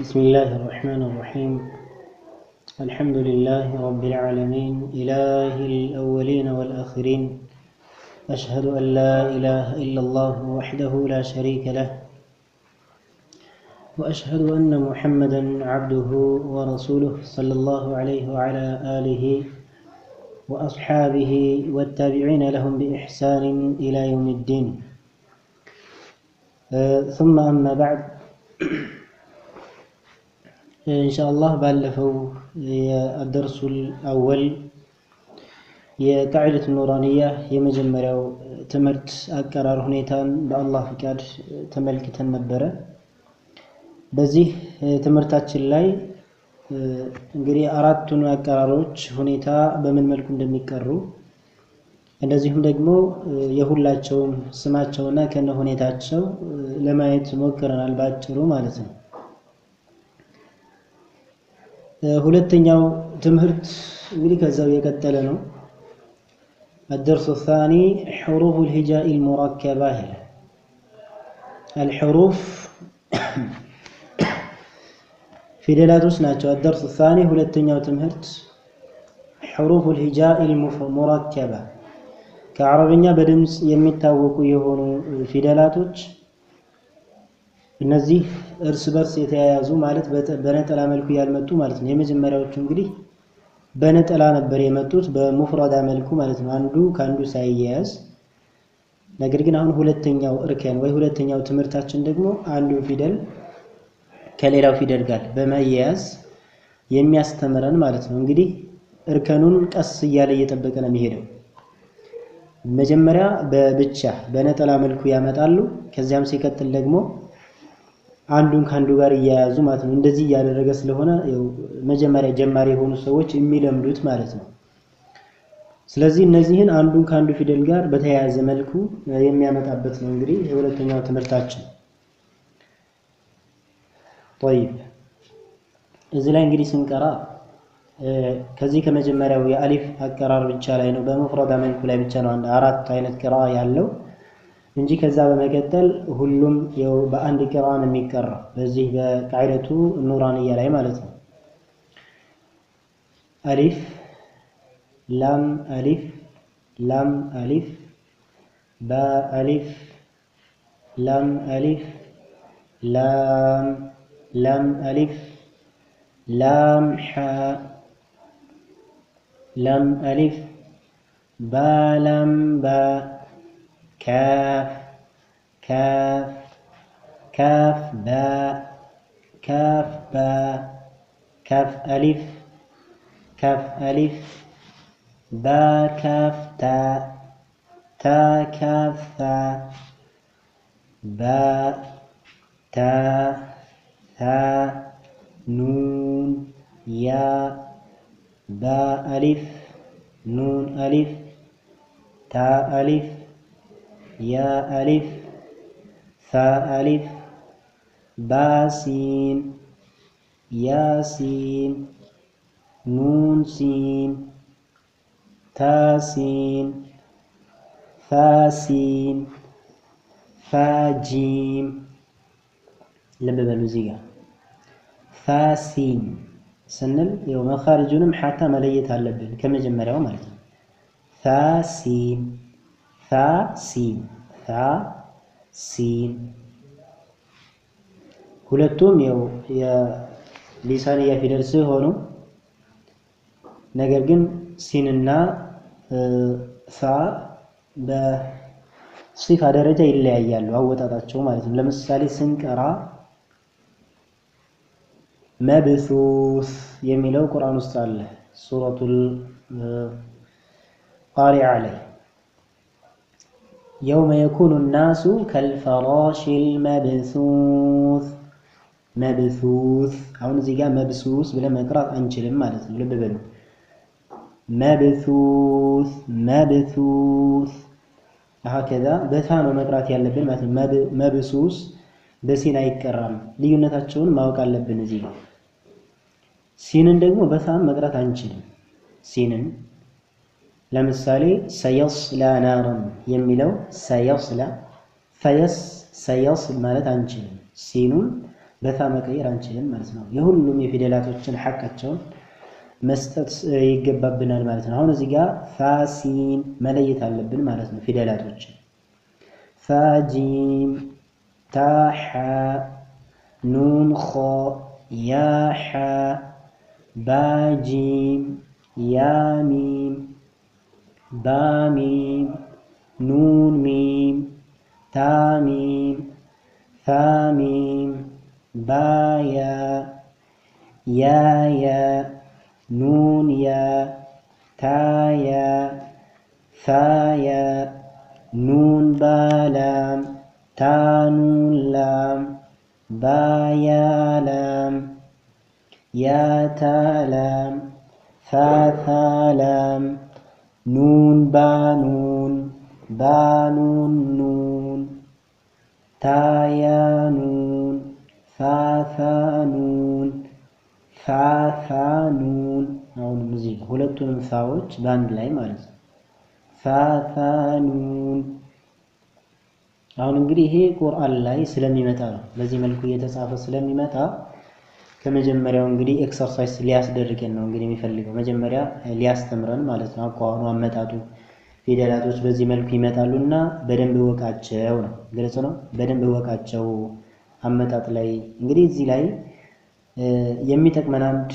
بسم الله الرحمن الرحيم الحمد لله رب العالمين إله الأولين والآخرين أشهد أن لا إله إلا الله وحده لا شريك له وأشهد أن محمدا عبده ورسوله صلى الله عليه وعلى آله وأصحابه والتابعين لهم بإحسان إلى يوم الدين آه، ثم أما بعد እንሻአላህ ባለፈው የአደርሱል አወል የቃዒደቱ ኑራንያ የመጀመሪያው ትምህርት አቀራር ሁኔታን በአላህ ፍቃድ ተመልክተን ነበረ። በዚህ ትምህርታችን ላይ እንግዲህ አራቱን አቀራሮች ሁኔታ በምን መልኩ እንደሚቀሩ እንደዚሁም ደግሞ የሁላቸውም ስማቸውና ከነ ሁኔታቸው ለማየት ሞክረናል፣ በአጭሩ ማለት ነው። ሁለተኛው ትምህርት እንግዲህ ከዛው የቀጠለ ነው الدرس الثاني حروف الهجاء المركبة الحروف ፊደላት ውስጥ ናቸው الدرس الثاني ሁለተኛው ትምህርት حروف الهجاء المركبة ከአረብኛ በድምፅ የሚታወቁ የሆኑ ፊደላቶች እነዚህ እርስ በርስ የተያያዙ ማለት በነጠላ መልኩ ያልመጡ ማለት ነው። የመጀመሪያዎቹ እንግዲህ በነጠላ ነበር የመጡት በሙፍራዳ መልኩ ማለት ነው፣ አንዱ ከአንዱ ሳይያያዝ። ነገር ግን አሁን ሁለተኛው እርከን ወይ ሁለተኛው ትምህርታችን ደግሞ አንዱ ፊደል ከሌላው ፊደል ጋር በመያያዝ የሚያስተምረን ማለት ነው። እንግዲህ እርከኑን ቀስ እያለ እየጠበቀ ነው የሚሄደው። መጀመሪያ በብቻ በነጠላ መልኩ ያመጣሉ። ከዚያም ሲቀጥል ደግሞ አንዱን ከአንዱ ጋር እያያዙ ማለት ነው። እንደዚህ እያደረገ ስለሆነ መጀመሪያ ጀማሪ የሆኑ ሰዎች የሚለምዱት ማለት ነው። ስለዚህ እነዚህን አንዱን ከአንዱ ፊደል ጋር በተያያዘ መልኩ የሚያመጣበት ነው እንግዲህ የሁለተኛው ትምህርታችን። ጠይብ እዚህ ላይ እንግዲህ ስንቀራ ከዚህ ከመጀመሪያው የአሊፍ አቀራር ብቻ ላይ ነው በመፍረዳ መልኩ ላይ ብቻ ነው አንድ አራት አይነት ቅራ ያለው እንጂ ከዛ በመቀጠል ሁሉም በአንድ ቂራ ነው የሚቀራ በዚህ በቃይረቱ ኑራንያ ላይ ማለት ነው። አሊፍ ላም አሊፍ ላም አሊፍ ባ አሊፍ ላም አሊፍ ላም ላም አሊፍ ላም ሓ ላም አሊፍ ባ ላም ባ كاف كاف كاف باء كاف باء كاف ألف كاف ألف با كاف تاء تا كاف ثا باء تاء ثا نون يا باء ألف نون ألف تاء ألف يا ألف ثاء ألف باسين ياسين نون سين تاسين فاسين فاجيم لما بنوزيها فاسين سنل يوم خارجون حتى مليت هالبن كم جمرة ومالتين ثاسين ሲን ሲን ሁለቱም ው የሊሳንያ ፊደል ሲሆኑ ነገር ግን ሲንና ፋ በሲፋ ደረጃ ይለያያሉ፣ አወጣጣቸው ማለት ነው። ለምሳሌ ስንቀራ መብሱስ የሚለው ቁርአን ውስጥ አለ፣ ሱረቱል ቃሪዓ ላይ የውመ የኩኑ ናሱ ከልፈራሽል መብሱስ መብሱስ። አሁን እዚህ ጋር መብሱስ ብለን መቅራት አንችልም ማለት ነው። ልብ በሉ። መብሱስ መብሱስ ከዛ በታ ነው መቅራት ያለብን ማለት ነው። መብሱስ በሲን አይቀራም። ልዩነታቸውን ማወቅ አለብን። እዚህ ሲንን ደግሞ በታም መቅራት አንችልም ሲንን ለምሳሌ ሰየስላ ናረን የሚለው ሰየስላ ፈየስ ሰየስል ማለት አንችልም። ሲኑን በታ መቀየር አንችልም ማለት ነው። የሁሉም የፊደላቶችን ሐቃቸውን መስጠት ይገባብናል ማለት ነው። አሁን እዚህ ጋር ፋሲን መለየት አለብን ማለት ነው። ፊደላቶችን ፋጂም፣ ታሓ፣ ኑን፣ ኾ፣ ያሓ፣ ባጂም፣ ያሚም داميم نون ميم تاميم ثاميم بايا يا يا يا نون يا تا يا نون لام تا نون لام يا لام يا تا لام ثا ثا لام ኑን ባኑን ባኑን ኑን ታያኑን ፋፋኑን ፋፋኑን አሁንም እዚህ ሁለቱንም ፋዎች በአንድ ላይ ማለት ነው። ፋፋኑን አሁን እንግዲህ ይሄ ቁርአን ላይ ስለሚመጣ ነው። በዚህ መልኩ እየተጻፈ ስለሚመጣ ከመጀመሪያው እንግዲህ ኤክሰርሳይዝ ሊያስደርገን ነው እንግዲህ የሚፈልገው መጀመሪያ ሊያስተምረን ማለት ነው። አኳኑ አመጣጡ ፊደላቶች በዚህ መልኩ ይመጣሉ እና በደንብ እወቃቸው ነው፣ ግልጽ ነው። በደንብ እወቃቸው አመጣጥ ላይ እንግዲህ እዚህ ላይ የሚጠቅመን አንድ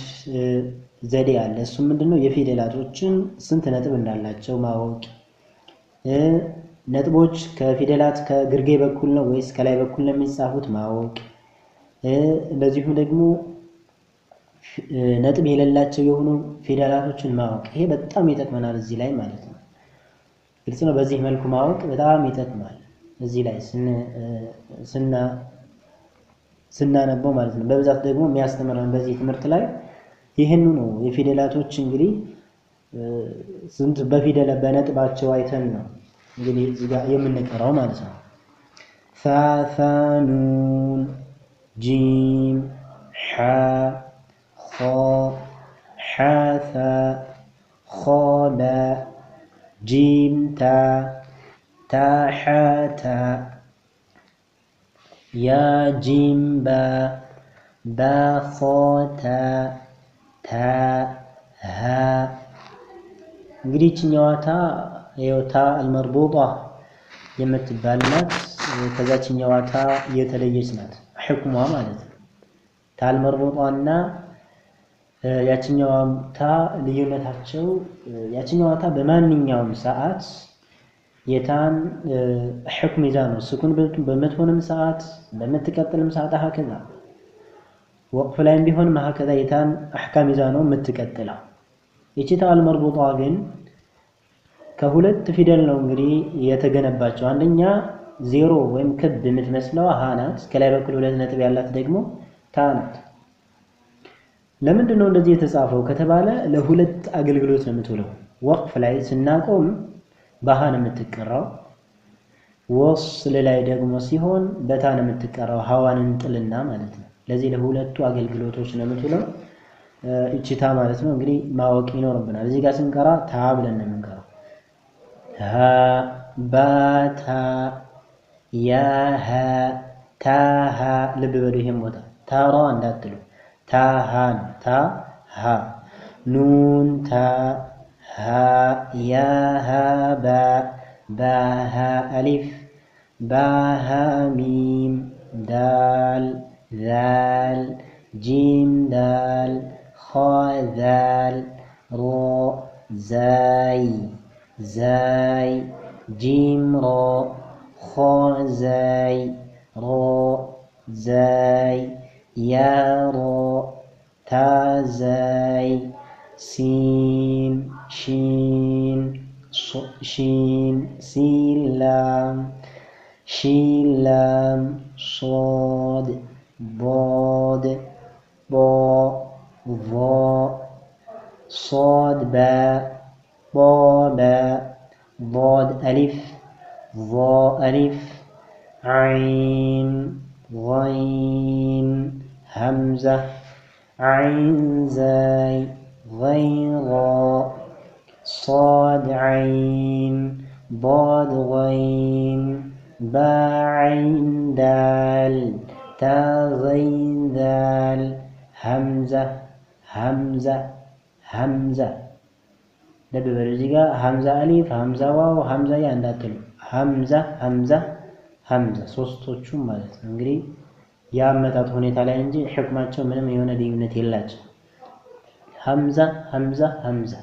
ዘዴ አለ። እሱም ምንድን ነው? የፊደላቶችን ስንት ነጥብ እንዳላቸው ማወቅ። ነጥቦች ከፊደላት ከግርጌ በኩል ነው ወይስ ከላይ በኩል ነው የሚጻፉት ማወቅ እንደዚሁም ደግሞ ነጥብ የሌላቸው የሆኑ ፊደላቶችን ማወቅ ይሄ በጣም ይጠቅመናል እዚህ ላይ ማለት ነው። ግልጽ ነው። በዚህ መልኩ ማወቅ በጣም ይጠቅማል እዚህ ላይ ስናነበው ማለት ነው። በብዛት ደግሞ የሚያስተምረን በዚህ ትምህርት ላይ ይህኑ ነው። የፊደላቶች እንግዲህ ስንት በፊደለ በነጥባቸው አይተን ነው እንግዲህ እዚህ ጋር የምንቀራው ማለት ነው። ፋ ፋ ኑን ጂም ሓ خا حاثا خابا جيم تا تا حاتا يا جيم با با خاتا تا ها قريت نيواتا يوتا المربوطة لما تبالنات كذا نيواتا يتليجنات حكمها مالت تا المربوطة ያችኛዋ ታ ልዩነታቸው ያችኛዋ ታ በማንኛውም ሰዓት የታን ሕክም ይዛ ነው። ስኩን በምትሆንም ሰዓት በምትቀጥልም ሰዓት ሀከዛ ወቅፍ ላይም ቢሆን ሀከዛ የታን አሕካም ይዛ ነው የምትቀጥለው። ይቺ ታ ግን ከሁለት ፊደል ነው እንግዲህ የተገነባቸው። አንደኛ ዜሮ ወይም ክብ የምትመስለው ሀ ናት። ከላይ በኩል ሁለት ነጥብ ያላት ደግሞ ታ ናት። ለምንድን ነው እንደዚህ የተጻፈው ከተባለ ለሁለት አገልግሎት ነው የምትውለው። ወቅፍ ላይ ስናቆም ባሃ ነው የምትቀራው። ወስል ላይ ደግሞ ሲሆን በታ ነው የምትቀራው። ሀዋንን ጥልና ማለት ነው። ለዚህ ለሁለቱ አገልግሎቶች ነው የምትውለው እችታ ማለት ነው። እንግዲህ ማወቅ ይኖርብናል። እዚህ ጋር ስንቀራ ታ ብለን ነው የምንቀራው። ባታ ያሀ ታሀ ልብ በሉ። ይሄም ቦታ ታራ እንዳትሉ تا تاهان تا ها نون تا ها يا ها با با ها ألف با ها ميم دال ذال جيم دال خا ذال رو زاي زاي جيم رو خا زاي رو زاي يارو تازاي سين شين شين سيلام شيلام صاد ضاد با ظا صاد با با با ضاد ألف ظا ألف عين غين همزة عين زاي غين غاء صاد عين ضاد غين باع عين دال تا غين دال همزة همزة همزة لب برزيغا همزة ألف همزة واو همزة يعني همزة همزة همزة سوستو تشو مالت የአመጣጥ ሁኔታ ላይ እንጂ ሕክማቸው ምንም የሆነ ልዩነት የላቸው። ሀምዛ ሀምዛ ሀምዛ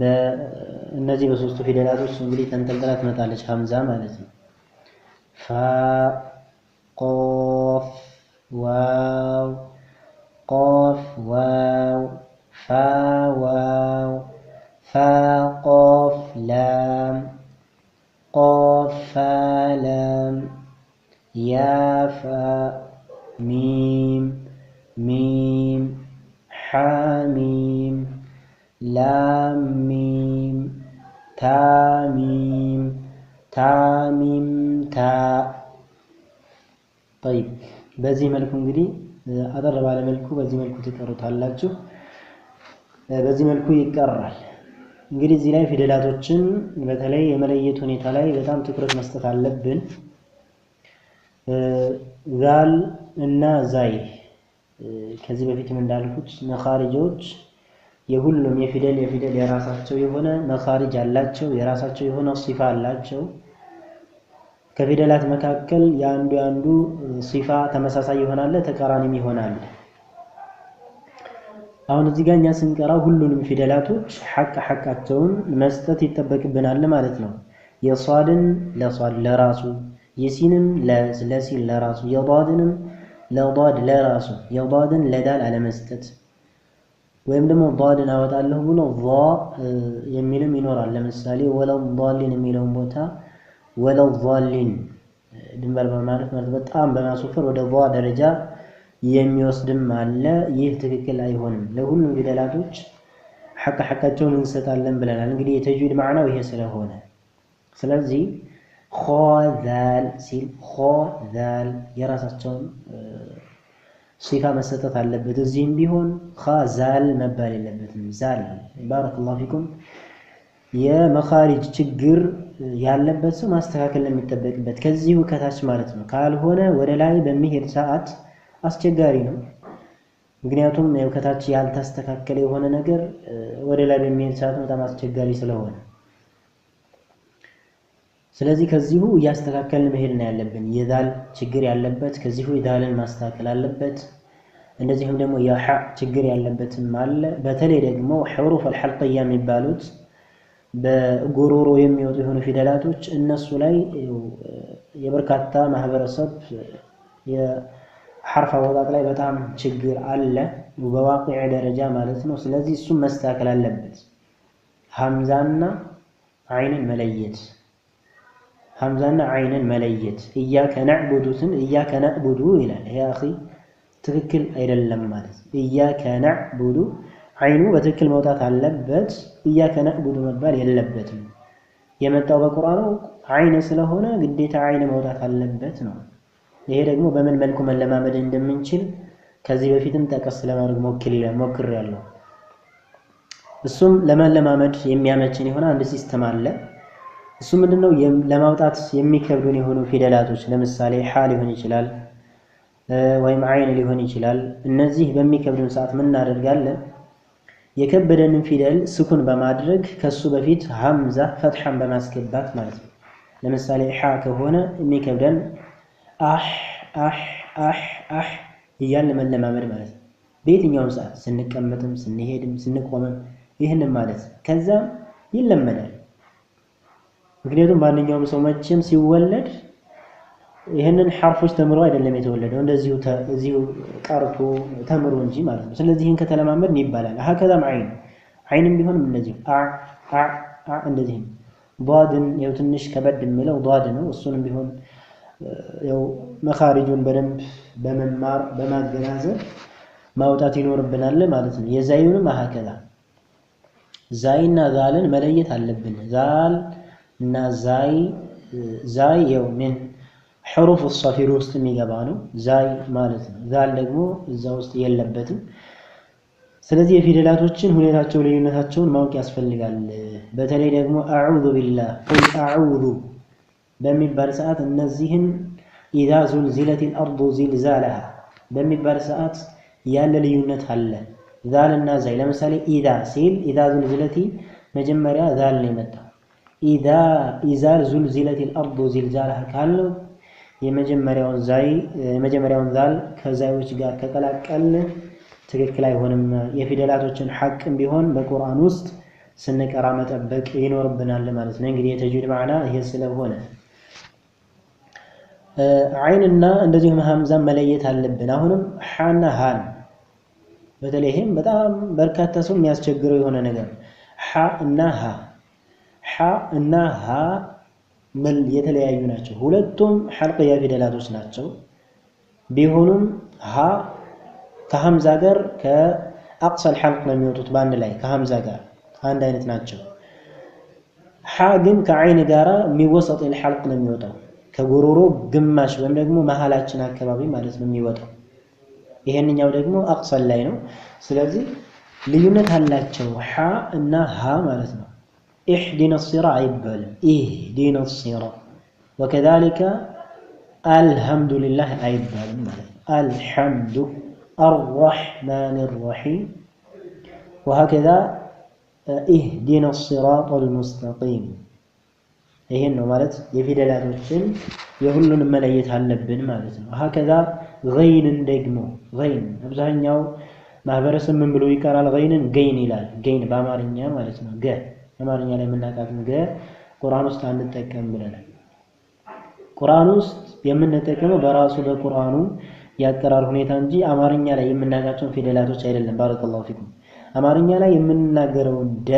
በእነዚህ በሶስቱ ፊደላቶች እንግዲህ ተንጠልጥላ ትመጣለች ሀምዛ ማለት ነው። ፋ ቆፍ ዋው ቆፍ ዋው ፋ ዋው ፋ ቆፍ ላም ቆፍ ፋ ላም ያፈ ሚም ሚም ሓሚም ላሚም ታሚም ታሚምታ ጠይብ በዚህ መልኩ እንግዲህ አጠር ባለ መልኩ በዚህ መልኩ ትቀሩታላችሁ። በዚህ መልኩ ይቀራል። እንግዲህ እዚህ ላይ ፊደላቶችን በተለይ የመለየት ሁኔታ ላይ በጣም ትኩረት መስጠት አለብን። ዛል እና ዛይ ከዚህ በፊትም እንዳልኩት መኻሪጆች የሁሉም የፊደል የፊደል የራሳቸው የሆነ መኻሪጅ አላቸው። የራሳቸው የሆነ ሲፋ አላቸው። ከፊደላት መካከል የአንዱ የአንዱ ሲፋ ተመሳሳይ ይሆናል፣ ተቃራኒም ይሆናል። አሁን እዚህ ጋር እኛ ስንቀራ ሁሉንም ፊደላቶች ሐቅ ሐቃቸውን መስጠት ይጠበቅብናል ማለት ነው። የሷድን ለሷድ ለራሱ يسينم لا سلاسي لا راسو يضادنم لا ضاد لا راسو يضادن لا دال على مستت ወይም ደግሞ ضالን አወጣለሁ ብሎ ዛ የሚልም ይኖራል። ለምሳሌ ወለው ضالን የሚለውን ቦታ ወለው ضالን ድንበር በማለት ማለት በጣም በማስወፈር ወደ ዛ ደረጃ የሚወስድም አለ። ይህ ትክክል አይሆንም። ለሁሉም ፊደላቶች ሐቅ ሐቃቸውን እንሰጣለን ብለናል። እንግዲህ የተጅዊድ ማዕናው ይሄ ስለሆነ ስለዚህ ሆዘል ሲል ሆዘል የራሳቸውን ሲፋ መሰጠት አለበት። እዚህም ቢሆን ዛል መባል የለበትም። ዛል ባረከላሁ ፊኩም። የመኻሪጅ ችግር ያለበት ሰው ማስተካከል የሚጠበቅበት ከዚሁ ከታች ማለት ነው። ካልሆነ ወደ ላይ በሚሄድ ሰዓት አስቸጋሪ ነው። ምክንያቱም ከታች ያልተስተካከለ የሆነ ነገር ወደ ላይ በሚሄድ ሰዓት በጣም አስቸጋሪ ስለሆነ ስለዚህ ከዚሁ እያስተካከልን መሄድ ነው ያለብን። የዛል ችግር ያለበት ከዚሁ የዛልን ማስተካከል አለበት። እንደዚሁም ደግሞ የሐ ችግር ያለበትም አለ። በተለይ ደግሞ ሕሩፍ አልሐልቅያ የሚባሉት በጎሮሮ የሚወጡ የሆኑ ፊደላቶች እነሱ ላይ የበርካታ ማህበረሰብ የሐርፍ አወጣጥ ላይ በጣም ችግር አለ፣ በዋቂዕ ደረጃ ማለት ነው። ስለዚህ እሱም መስተካከል አለበት። ሀምዛና አይንን መለየት ሐምዛና አይንን መለየት እያከ ነዕቡዱትን እያከ ነዕቡዱ ይላል። ይሄ አኺ ትክክል አይደለም ማለት እያከ ነዕቡዱ አይኑ በትክክል መውጣት አለበት። እያከ ነዕቡዱ መባል የለበትም። የመጣው በቁርአኑ አይን ስለሆነ ግዴታ አይን መውጣት አለበት ነው። ይሄ ደግሞ በምን መልኩ መለማመድ እንደምንችል ከዚህ በፊትም ጠቀስ ለማድረግ ያለው እሱም ለመለማመድ የሚያመችን የሆነ አንድ ሲስተም አለ። እሱ ምንድነው ለማውጣት የሚከብዱን የሆኑ ፊደላቶች ለምሳሌ ሓ ሊሆን ይችላል ወይም አይን ሊሆን ይችላል። እነዚህ በሚከብዱን ሰዓት ምን እናደርጋለን? የከበደንን ፊደል ስኩን በማድረግ ከሱ በፊት ሀምዛ ፈትሐን በማስገባት ማለት ነው። ለምሳሌ ሓ ከሆነ የሚከብደን አህ አህ እያልን መለማመድ ማለት ነው። በየትኛውም ሰዓት ስንቀመጥም፣ ስንሄድም፣ ስንቆምም ይህንም ማለት ከዛ ይለመዳል። ምክንያቱም ማንኛውም ሰው መቼም ሲወለድ ይህንን ሐርፎች ተምሮ አይደለም የተወለደው፣ እንደዚሁ እዚሁ ቀርቶ ተምሮ እንጂ ማለት ነው። ስለዚህ ይህን ከተለማመድን ይባላል። ሀከዛም አይን አይንም ቢሆንም እንደዚሁ እንደዚህ ዷድን ያው ትንሽ ከበድ የሚለው ዷድ ነው። እሱንም ቢሆን ያው መካሪጁን በደንብ በመማር በማገናዘብ ማውጣት ይኖርብናል ማለት ነው። የዛዩንም ሀከዛ ዛይና ዛልን መለየት አለብን። ዛል እና ዛይ ዛይ ያው ምን ሕሩፍ ሰፊር ውስጥ የሚገባ ነው ዛይ ማለት ነው። ዛል ደግሞ እዛ ውስጥ የለበትም። ስለዚህ የፊደላቶችን ሁኔታቸው ልዩነታቸውን ማወቅ ያስፈልጋል። በተለይ ደግሞ አዑዙ ቢላህ ቁል አዑዙ በሚባል ሰዓት እነዚህን ኢዛ ዙልዚለቲል አርዱ ዚልዛለሃ በሚባል ሰዓት ያለ ልዩነት አለ። ዛልና ዛይ ለምሳሌ ኢዛ ሲል ኢዛ ዙልዚለቲ መጀመሪያ ዛል ነው የመጣው ኢዛ ዙልዚለት አልአርዱ ዚልዛላሃ ካልነው የመጀመሪያውን ዛይ የመጀመሪያውን ዛል ከዛዮች ጋር ከቀላቀልን ትክክል አይሆንም። የፊደላቶችን ሐቅም ቢሆን በቁርአን ውስጥ ስንቀራ መጠበቅ ይኖርብናል ማለት ነው። እንግዲህ የተጅዊድ ማዕና ይሄ ስለሆነ አይንና እንደዚሁም ሀምዛን መለየት አለብን። አሁንም ሐና ሃን በተለይ ይህም በጣም በርካታ ሰው የሚያስቸግረው የሆነ ነገር ሐ እና ሃ ሐ እና ሃ መል የተለያዩ ናቸው። ሁለቱም ሐልቅያ ፊደላቶች ናቸው። ቢሆኑም ሃ ከሐምዛ ጋር ከአቅሰል ሐልቅ ነው የሚወጡት በአንድ ላይ ከሐምዛ ጋር አንድ አይነት ናቸው። ሐ ግን ከዐይን ጋራ የሚወሰጥ ሐልቅ ነው የሚወጣው ከጎሮሮ ግማሽ ወይም ደግሞ መሀላችን አካባቢ ማለት ነው የሚወጣው። ይሄንኛው ደግሞ አቅሰል ላይ ነው። ስለዚህ ልዩነት አላቸው ሐ እና ሃ ማለት ነው። اهدنا الصراط يبل اهدنا الصراط وكذلك الحمد لله يبل الحمد الرحمن الرحيم وهكذا اهدنا الصراط المستقيم ايه انه مالت يفيد الاتوشن يهلون مليت هالنبن مالت وهكذا غين دقمو غين ابزهن يو ما برس من بلوي كارال غين الى غين بامارين يا مالتنا غين አማርኛ ላይ የምናውቃት ነገር ቁርአን ውስጥ አንጠቀምም ብለናል። ቁርአን ውስጥ የምንጠቀመው በራሱ በቁርአኑ የአቀራር ሁኔታ እንጂ አማርኛ ላይ የምናውቃቸውን ፊደላቶች አይደለም። ባረከላሁ ፊኩም። አማርኛ ላይ የምንናገረው ደ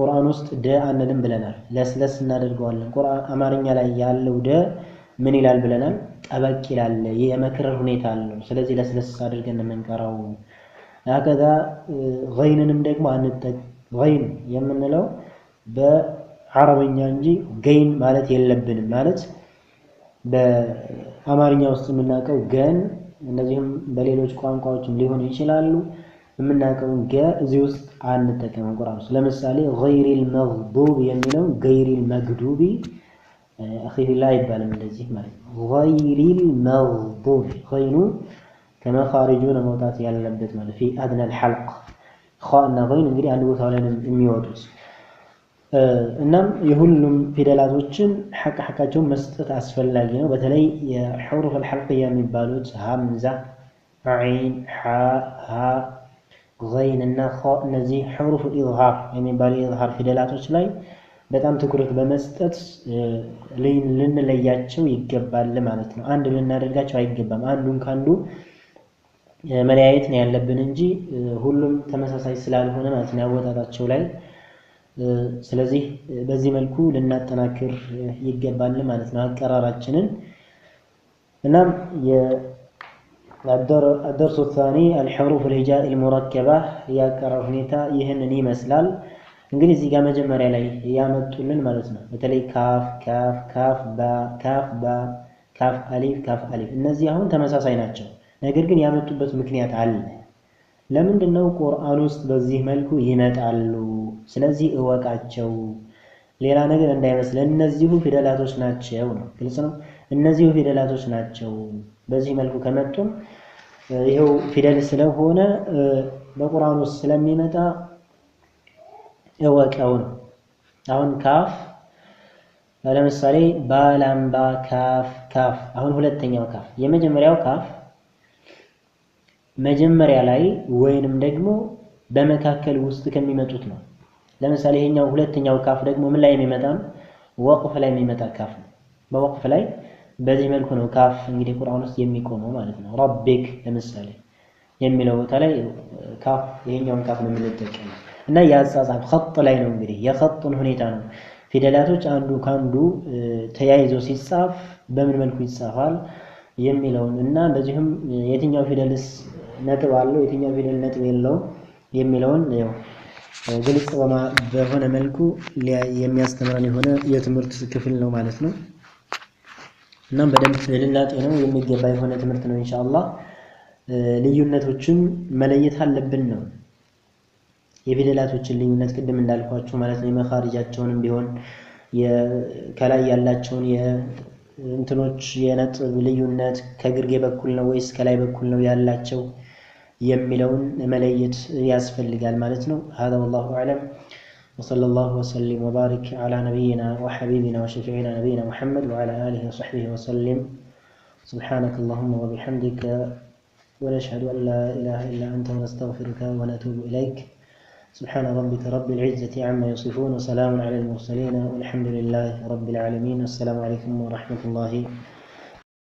ቁርአን ውስጥ ደ አንልም ብለናል። ለስለስ እናደርገዋለን። ቁርአን አማርኛ ላይ ያለው ደ ምን ይላል ብለናል? ጠበቅ ይላል። የመክረር ሁኔታ አለው። ስለዚህ ለስለስ አድርገን የምንቀራው አከዛ ገይንንም ደግሞ አንጠቅ ገይን የምንለው በአረበኛ እንጂ ገይን ማለት የለብንም። ማለት በአማርኛ ውስጥ የምናውቀው ገን፣ እነዚህም በሌሎች ቋንቋዎችም ሊሆኑ ይችላሉ። የምናውቀውን ገ እዚህ ውስጥ አንጠቀም ቁርአን ውስጥ። ለምሳሌ ገይሪል መግዱብ የሚለው ገይሪል መግዱቢ አኺሪላ አይባልም እንደዚህ ማለት ነው። ገይሪል መግዱብ ገይኑ ከመኻሪጁ ነው መውጣት ያለበት ማለት ፊ አድነል ሐልቅ ኸ እና ኮይን እንግዲህ አንድ ቦታ ላይ ነው የሚወጡት እናም የሁሉም ፊደላቶችን ሐቅ ሐቃቸውን መስጠት አስፈላጊ ነው። በተለይ የሑሩፍ አልሐልቅያ የሚባሉት ሀምዛ፣ ዐይን፣ ሐ፣ ሀ፣ ዘይን እና ኸ እነዚህ ሑሩፍ ኢዝሃር የሚባሉ የኢዝሃር ፊደላቶች ላይ በጣም ትኩረት በመስጠት ልንለያቸው ይገባል ማለት ነው። አንድ ልናደርጋቸው አይገባም። አንዱን ከአንዱ መለያየት ነው ያለብን እንጂ ሁሉም ተመሳሳይ ስላልሆነ ማለት ነው ያወጣታቸው ላይ። ስለዚህ በዚህ መልኩ ልናጠናክር ይገባል ማለት ነው አቀራራችንን። እናም የአደርሱ ታኒ አልሑሩፍ ልሂጃ ልሙረከባ የአቀራር ሁኔታ ይህንን ይመስላል። እንግዲህ እዚህ ጋር መጀመሪያ ላይ ያመጡልን ማለት ነው በተለይ ካፍ ካፍ ካፍ ባ ካፍ ባ ካፍ አሊፍ ካፍ አሊፍ እነዚህ አሁን ተመሳሳይ ናቸው። ነገር ግን ያመጡበት ምክንያት አለ። ለምንድን ነው ቁርአን ውስጥ በዚህ መልኩ ይመጣሉ? ስለዚህ እወቃቸው። ሌላ ነገር እንዳይመስል እነዚሁ ፊደላቶች ናቸው ነው። ግልጽ ነው። እነዚሁ ፊደላቶች ናቸው። በዚህ መልኩ ከመጡም ይኸው ፊደል ስለሆነ በቁርአን ውስጥ ስለሚመጣ እወቀው ነው። አሁን ካፍ ለምሳሌ ባላምባ ካፍ ካፍ። አሁን ሁለተኛው ካፍ የመጀመሪያው ካፍ መጀመሪያ ላይ ወይንም ደግሞ በመካከል ውስጥ ከሚመጡት ነው። ለምሳሌ ይሄኛው ሁለተኛው ካፍ ደግሞ ምን ላይ የሚመጣ ነው? ወቅፍ ላይ የሚመጣ ካፍ ነው። በወቅፍ ላይ በዚህ መልኩ ነው ካፍ እንግዲህ ቁርአን ውስጥ የሚቆመው ማለት ነው። ረቢክ ለምሳሌ የሚለው ቦታ ላይ ካፍ ይሄኛውን ካፍ ነው የምንጠቀመው እና የአጻጻፍ ኸጥ ላይ ነው እንግዲህ የኸጡን ሁኔታ ነው። ፊደላቶች አንዱ ከአንዱ ተያይዞ ሲጻፍ በምን መልኩ ይጻፋል የሚለውን እና በዚሁም የትኛው ፊደልስ ነጥብ አለው፣ የትኛው ፊደል ነጥብ የለውም የሚለውን ያው ግልጽ በሆነ መልኩ የሚያስተምረን የሆነ የትምህርት ክፍል ነው ማለት ነው። እናም በደንብ ልናጤ ነው የሚገባ የሆነ ትምህርት ነው። ኢንሻአላህ ልዩነቶችን መለየት አለብን ነው የፊደላቶችን ልዩነት ቅድም እንዳልኳችሁ ማለት ነው። የመኻሪጃቸውንም ቢሆን ከላይ ያላቸውን እንትኖች የነጥብ ልዩነት ከግርጌ በኩል ነው ወይስ ከላይ በኩል ነው ያላቸው የሚለውን مليت ያስፈልጋል ማለት ነው። هذا والله أعلم وصلى الله وسلم وبارك على نبينا وحبيبنا وشفيعنا نبينا محمد وعلى آله وصحبه وسلم سبحانك اللهم وبحمدك ونشهد أن لا إله إلا أنت ونستغفرك ونتوب إليك سبحان ربك رب العزة عما يصفون وسلام على المرسلين والحمد لله رب العالمين السلام عليكم ورحمة الله